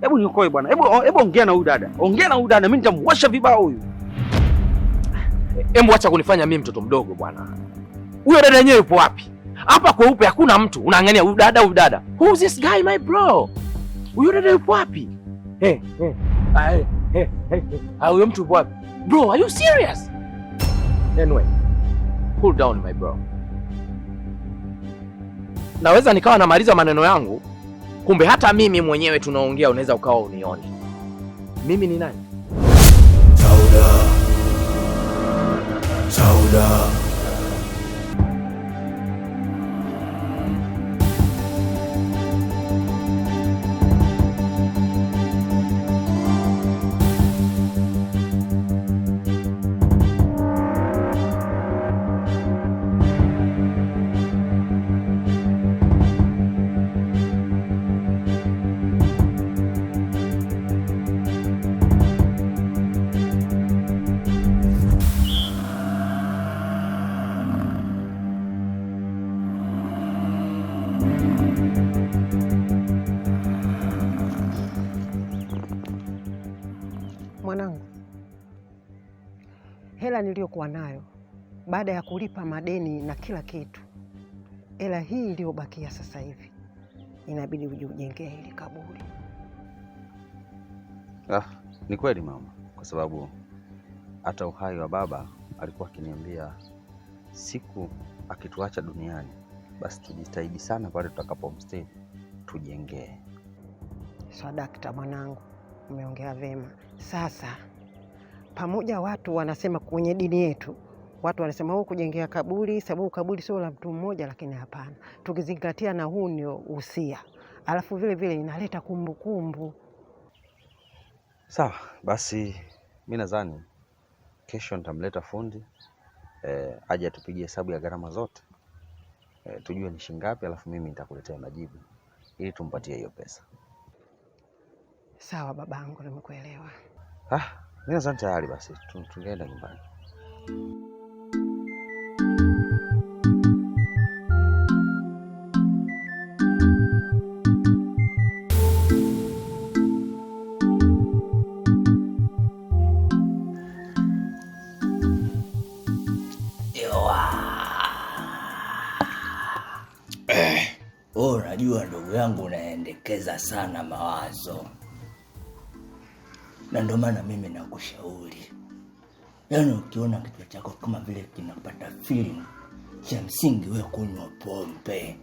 Hebu niokoe bwana, hebu hebu ongea na huyu dada, ongea na huyu dada, mimi nitamuwasha vibao huyu. Hebu acha kunifanya mimi mtoto mdogo bwana. Huyo dada yenyewe yupo wapi? Hapa kweupe hakuna mtu, unaangania huyu dada, huyu dada. Who is this guy my bro? Huyo dada yupo wapi? Eh, ah, hey, hey. eh, ah, eh. Huyo mtu yupo wapi? Bro, are you serious? Anyway, cool down my bro. Naweza nikawa namaliza maneno yangu Kumbe hata mimi mwenyewe tunaongea, unaweza ukawa unione mimi ni nani? Sauda, Sauda. hela niliyokuwa nayo baada ya kulipa madeni na kila kitu, hela hii iliyobakia sasa hivi inabidi ujijengee hili kaburi. Ah, ni kweli mama, kwa sababu hata uhai wa baba alikuwa akiniambia siku akituacha duniani, basi tujitahidi sana pale tutakapomstiri tujengee. Swadakta, so, mwanangu, umeongea vema. Sasa pamoja watu wanasema kwenye dini yetu watu wanasema huu oh, kujengea kaburi, sababu kaburi sio la mtu mmoja, lakini hapana, tukizingatia na huu ni usia, alafu vile vile inaleta kumbukumbu. Sawa, basi mi nadhani kesho nitamleta fundi eh, aje atupigie hesabu ya gharama zote eh, tujue ni shingapi, alafu mimi nitakuletea majibu ili tumpatie hiyo pesa. Sawa babangu, nimekuelewa. Ah, Mi nazani tayari, basi tungeenda nyumbani. Eh, unajua ndugu yangu, unaendekeza sana mawazo na ndio maana mimi nakushauri, yaani ukiona kichwa chako kama vile kinapata feeling, cha msingi wewe kunywa pombe.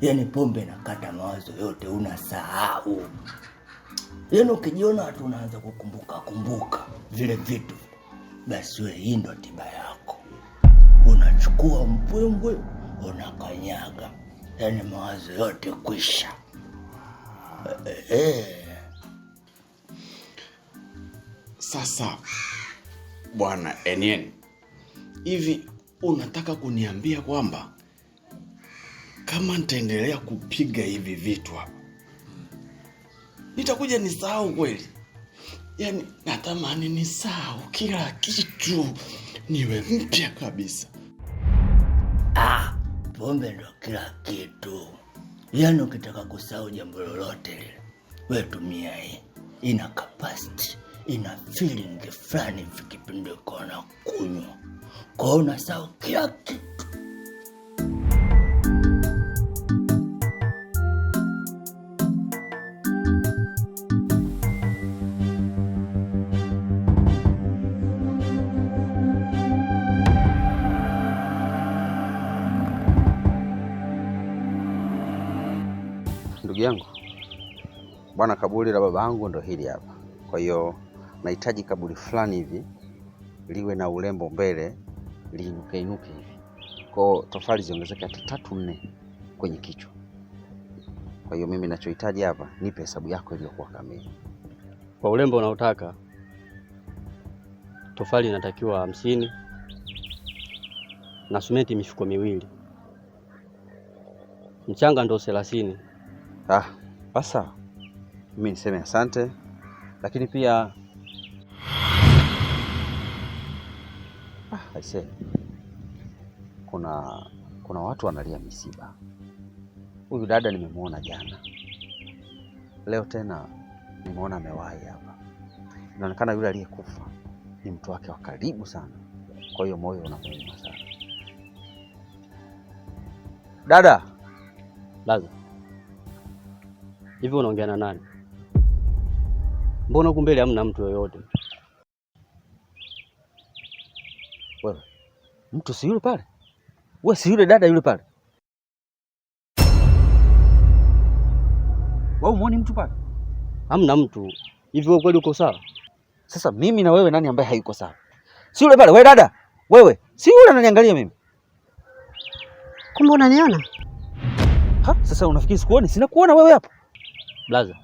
Yaani pombe nakata mawazo yote, unasahau. Yaani ukijiona watu unaanza kukumbuka kumbuka vile vitu, basi wewe, hii ndo tiba yako. Unachukua mpwembwe unakanyaga, yaani mawazo yote kwisha. E, e. Sasa bwana Enien, hivi unataka kuniambia kwamba kama nitaendelea kupiga hivi vitu hapa nitakuja nisahau kweli? Yaani natamani nisahau kila kitu, niwe mpya kabisa. Ah, pombe ndo kila kitu. Yaani ukitaka kusahau jambo lolote lile, wetumia hii, ina kapasiti ina feeling fulani vikipindiko na kunywa kaona sawa kila kitu. Ndugu yangu bwana, kaburi la baba yangu ndo hili hapa, kwa hiyo nahitaji kaburi fulani hivi liwe na urembo mbele, liinuke inuke hivi, kwa tofali ziongezeke hata tatu nne kwenye kichwa. Kwa hiyo mimi ninachohitaji hapa, nipe hesabu yako iliyokuwa kamili kwa urembo unaotaka. Tofali inatakiwa hamsini na simenti mifuko miwili, mchanga ndo thelathini. Ah, basa mimi niseme asante, lakini pia Ah, aise, kuna kuna watu wanalia misiba. Huyu dada nimemwona jana, leo tena nimeona amewahi hapa. Inaonekana yule aliyekufa ni mtu wake wa karibu sana, kwa hiyo moyo unamuuma sana. Dada Laza, hivi unaongea na nani? Mbona huku mbele hamna mtu yoyote? Mtu si yule pale? Wewe si yule dada yule pale? Wewe umeona mtu pale? Hamna mtu. Hivi wewe kweli uko sawa? Sasa mimi na wewe nani ambaye hayuko sawa? Si yule pale, wewe dada. Wewe, si yule ananiangalia mimi. Kumbe unaniona? Ha, sasa unafikiri sikuoni? Sina kuona wewe hapa. Blaza.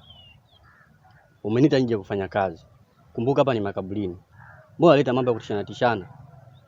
Umenita nje kufanya kazi. Kumbuka hapa ni makaburini. Mbona leta mambo ya kutishana tishana?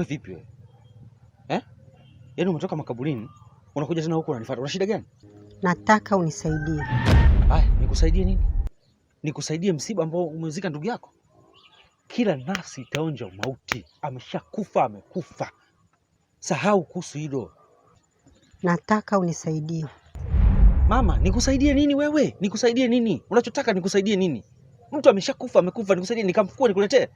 We vipi we eh? Yaani umetoka makaburini unakuja tena huku unanifuata, una shida gani? Nataka unisaidie. Haya, nikusaidie nini? Nikusaidie msiba ambao umezika ndugu yako? Kila nafsi itaonja mauti. ameshakufa, amekufa. Sahau kuhusu hilo. Nataka unisaidie mama. Nikusaidie nini wewe? Nikusaidie nini? Unachotaka nikusaidie nini? Mtu ameshakufa, amekufa. Nikusaidie nikamfukue nikuletee?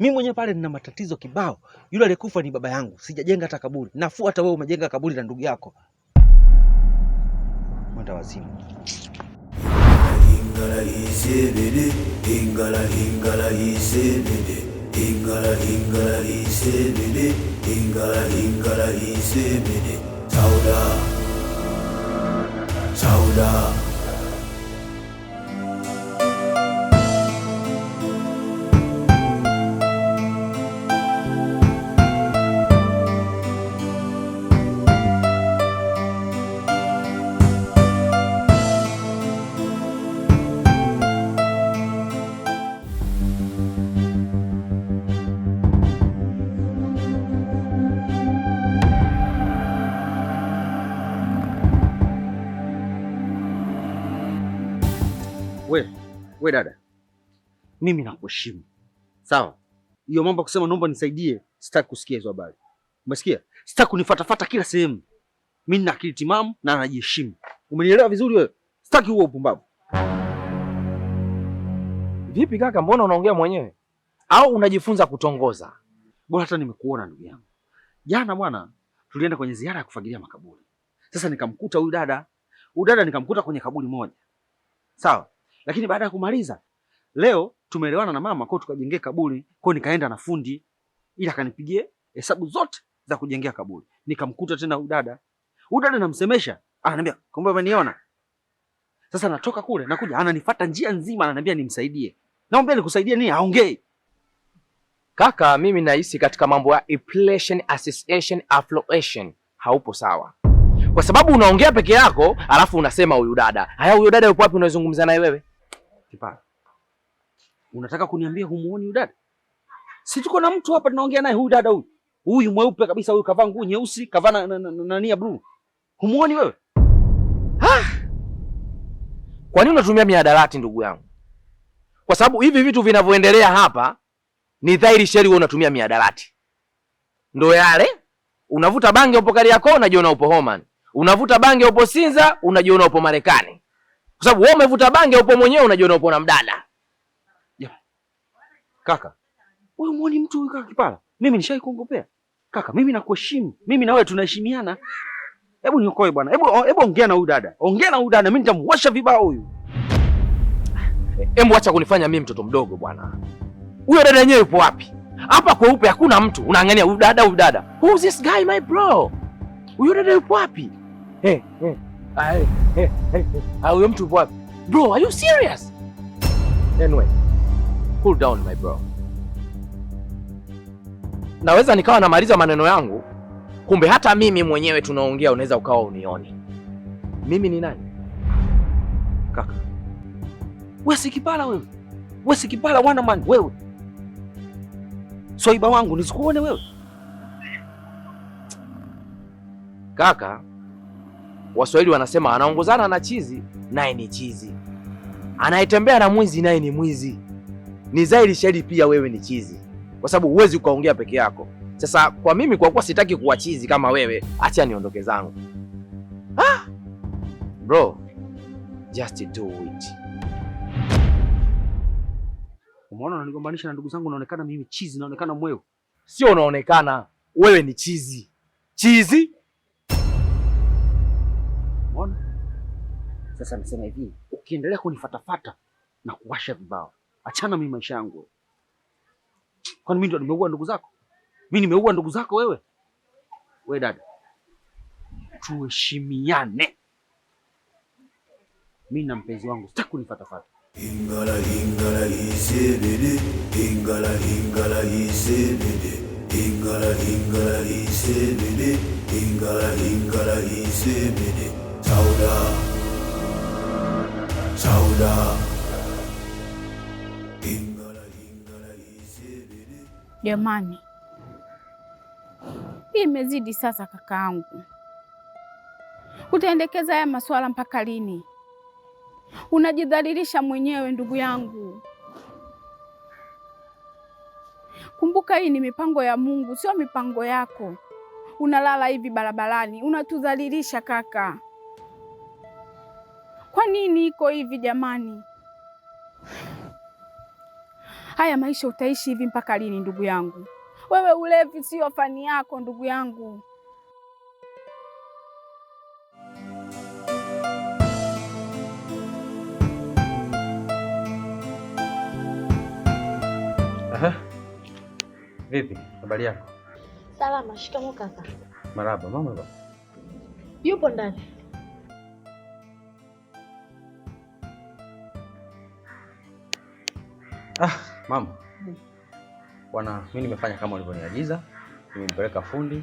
Mimi mwenyewe pale nina matatizo kibao. Yule aliyekufa ni baba yangu, sijajenga hata kaburi. Nafuu hata wewe umejenga kaburi la ndugu yako. Mwenda wazimu. Ingala isebede, ingala ingala isebede, ingala ingala isebede, ingala ingala isebede. Sauda. Sauda. We dada, mimi nakuheshimu sawa. Hiyo mambo kusema naomba nisaidie, sitaki kusikia hizo habari, umesikia? Sitaki kunifatafata kila sehemu. Mimi nina akili timamu na najiheshimu, umenielewa vizuri wewe? Sitaki huo upumbavu. Vipi kaka, mbona unaongea mwenyewe au unajifunza kutongoza? Bora hata nimekuona ndugu yangu. Jana bwana, tulienda kwenye ziara ya kufagilia makaburi. Sasa nikamkuta huyu dada, huyu dada nikamkuta kwenye kaburi moja, sawa lakini baada ya kumaliza leo tumeelewana na mama kwa tukajengea kaburi kwa nikaenda na fundi ili akanipigie hesabu zote za kujengea kaburi. Nikamkuta tena udada. Udada namsemesha, ananiambia kumbe umeniona. Sasa natoka kule nakuja, ananifuata njia nzima, ananiambia nimsaidie. Naomba nikusaidie nini? Aongee. kaka, mimi nahisi katika mambo ya inflation, association, affluation haupo sawa, kwa sababu unaongea peke yako alafu unasema huyu dada. Haya, huyu dada yupo wapi? unazungumza naye wewe Kipara, unataka kuniambia humuoni huyu dada? Si tuko na mtu hapa tunaongea naye, huyu dada huyu huyu mweupe kabisa, huyu kavaa nguo nyeusi, kavaa na nani ya blue. Humuoni wewe? Kwa nini unatumia mihadarati ndugu yangu? Kwa sababu hivi vitu vinavyoendelea hapa ni dhahiri sheri, wewe unatumia mihadarati. Ndio yale unavuta bange upo Kariakoo, unajiona upo Homan. unavuta bange upo Sinza, unajiona upo Marekani. Kwa sababu wewe umevuta bange, upo mwenyewe unajiona upo na mdada. Yeah. Kaka. Wewe muone mtu huyu kaka kipara. Mimi nishai kuongopea Kaka, mimi nakuheshimu. Mimi na wewe tunaheshimiana. Hebu niokoe bwana. Hebu hebu ongea na huyu dada. Ongea na huyu dada, mimi nitamwasha vibao huyu. Hebu acha kunifanya mimi mtoto mdogo bwana. Huyo dada yenyewe yupo wapi? Hapa kweupe hakuna mtu. Unaangania huyu dada, huyu dada. Who is this guy my bro? Huyo dada yupo wapi? Eh, hey, hey. eh. Ah, eh. Ah, huyo mtu wapi? Bro, are you serious? Anyway, cool down my bro. Naweza nikawa namaliza maneno yangu, kumbe hata mimi mwenyewe tunaongea unaweza ukawa unioni. Mimi ni nani? Kaka. Wewe si kipala wewe. Wewe si kipala wana man wewe. Soiba wangu nisikuone wewe. Kaka, Mm. Waswahili wanasema anaongozana na chizi naye ni chizi, anayetembea na mwizi naye ni mwizi. Ni zaidi shahiri pia wewe ni chizi, kwa sababu huwezi ukaongea peke yako. Sasa kwa mimi, kwa kuwa sitaki kuwa chizi kama wewe, acha niondoke zangu. Ah, bro just do it. Umeona, unanigombanisha na ndugu zangu, naonekana mimi chizi, naonekana mwewe. Sio unaonekana wewe ni chizi, chizi Sasa anasema hivi, ukiendelea kunifatafata na kuwasha vibao, achana mimi maisha yangu. Kwani mimi ndo nimeua ndugu zako? Mimi nimeua ndugu zako wewe? We dada, tuheshimiane. Mimi na mpenzi wangu sitaki kunifatafata. Ingala ingala isebede, ingala ingala isebede, ingala ingala isebede, ingala ingala isebede. Sauda Jamani, hii imezidi sasa. Kakaangu, utaendekeza haya masuala mpaka lini? Unajidhalilisha mwenyewe ndugu yangu. Kumbuka hii ni mipango ya Mungu, sio mipango yako. Unalala hivi barabarani, unatudhalilisha kaka nini iko hivi jamani? Haya maisha utaishi hivi mpaka lini ndugu yangu? Wewe ulevi sio fani yako ndugu yangu. Aha. Vipi, habari yako? Salama. Shikamoo kaka. Marhaba. Mama yupo ndani? Ah, mama mm. bwana, mimi nimefanya kama ulivyoniagiza, nimempeleka fundi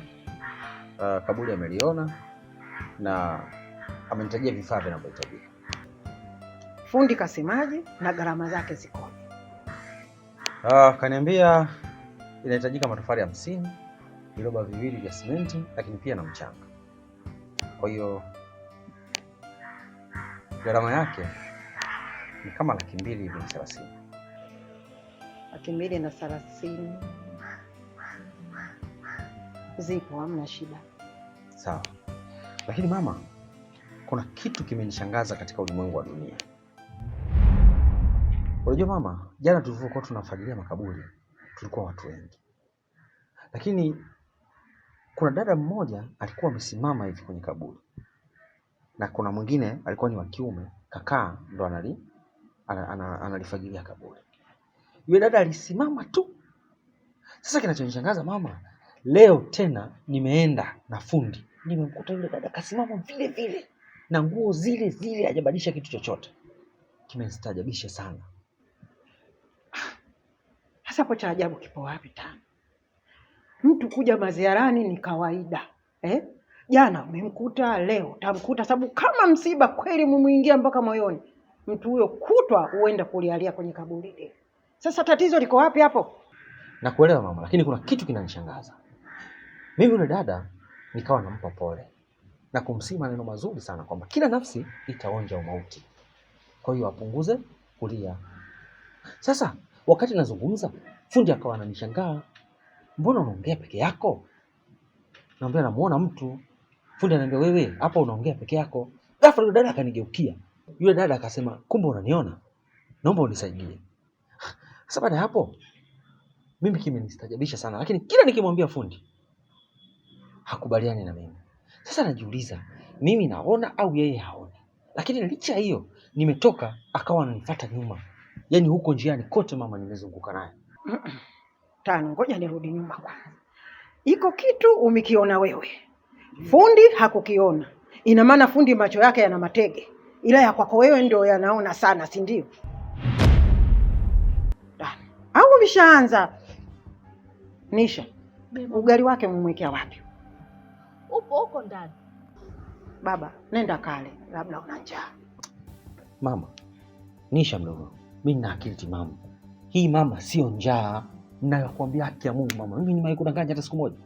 uh, kaburi ameliona na amenitajia vifaa vinavyohitajika. Fundi kasemaje na gharama zake ziko? Uh, ah, kaniambia inahitajika matofali hamsini, viroba viwili vya simenti, lakini pia na mchanga. Kwa hiyo gharama yake ni kama laki mbili hivi thelathini elfu mbili na thelathini. Zipo, hamna shida. Sawa, lakini mama, kuna kitu kimenishangaza katika ulimwengu wa dunia. Unajua mama, jana tulivyokuwa tunafagilia makaburi tulikuwa watu wengi, lakini kuna dada mmoja alikuwa amesimama hivi kwenye kaburi na kuna mwingine alikuwa ni wa kiume, kakaa ndo anali analifagilia kaburi. Yule dada alisimama tu. Sasa kinachonishangaza mama, leo tena nimeenda na fundi, nimemkuta yule dada kasimama vile vile na nguo zile zile, hajabadilisha kitu chochote. Kimestajabisha sana. Ah, sasa hapo cha ajabu kipo wapi tena? Mtu kuja maziarani ni kawaida eh? Jana umemkuta leo utamkuta, sababu kama msiba kweli mumuingia mpaka moyoni. Mtu huyo kutwa huenda kulialia kwenye kaburi. Sasa tatizo liko wapi hapo? Nakuelewa mama, lakini kuna kitu kinanishangaza mimi. Yule dada nikawa nampa pole na kumsii maneno mazuri sana kwamba kila nafsi itaonja umauti, kwa hiyo apunguze kulia. Sasa wakati nazungumza, fundi akawa ananishangaa, mbona unaongea peke yako? Naambia namuona mtu. Fundi ananiambia wewe hapa unaongea peke yako. Ghafla yule dada akanigeukia, yule dada akasema, kumbe unaniona, naomba unisaidie. Sasa baada ya hapo mimi kimenistajabisha sana, lakini kila nikimwambia fundi hakubaliani na mimi. Sasa najiuliza mimi naona au yeye haoni? Lakini licha hiyo nimetoka, akawa ananifuata nyuma, yaani huko njiani kote mama nimezunguka naye. Tano, ngoja nirudi nyuma kwanza. Iko kitu umekiona wewe, fundi hakukiona. Ina maana fundi macho yake yana matege, ila ya kwako wewe ndio yanaona sana, si ndio? vyangu vishaanza. Nisha, ugali wake mmwekea wapi? Upo huko ndani. Baba, nenda kale, labda una njaa. Mama, Nisha mdogo, mi nina akili timamu. Hii mama sio njaa, nayokuambia haki ya Mungu mama. Mimi nimewahi kudanganya hata siku moja.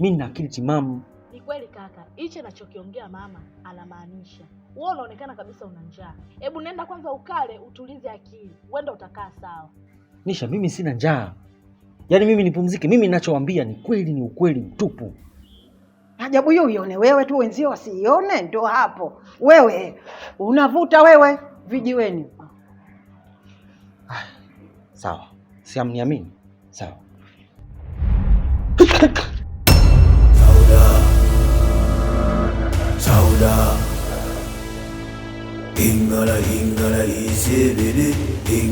Mi nina akili timamu. Ni kweli kaka, hicho anachokiongea mama anamaanisha. Wewe unaonekana kabisa una njaa. Hebu nenda kwanza ukale, utulize akili, uenda utakaa sawa. Nisha, mimi sina njaa, yaani mimi nipumzike. Mimi ninachowaambia ni kweli, ni ukweli mtupu. Ajabu hiyo uione wewe tu, wenzio wasiione. Ndo hapo wewe unavuta wewe vijiweni. Ah, sawa, siamniamini sawa. Sauda, Sauda ingala ingala izebele